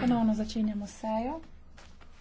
ponovno začenjamo sejo.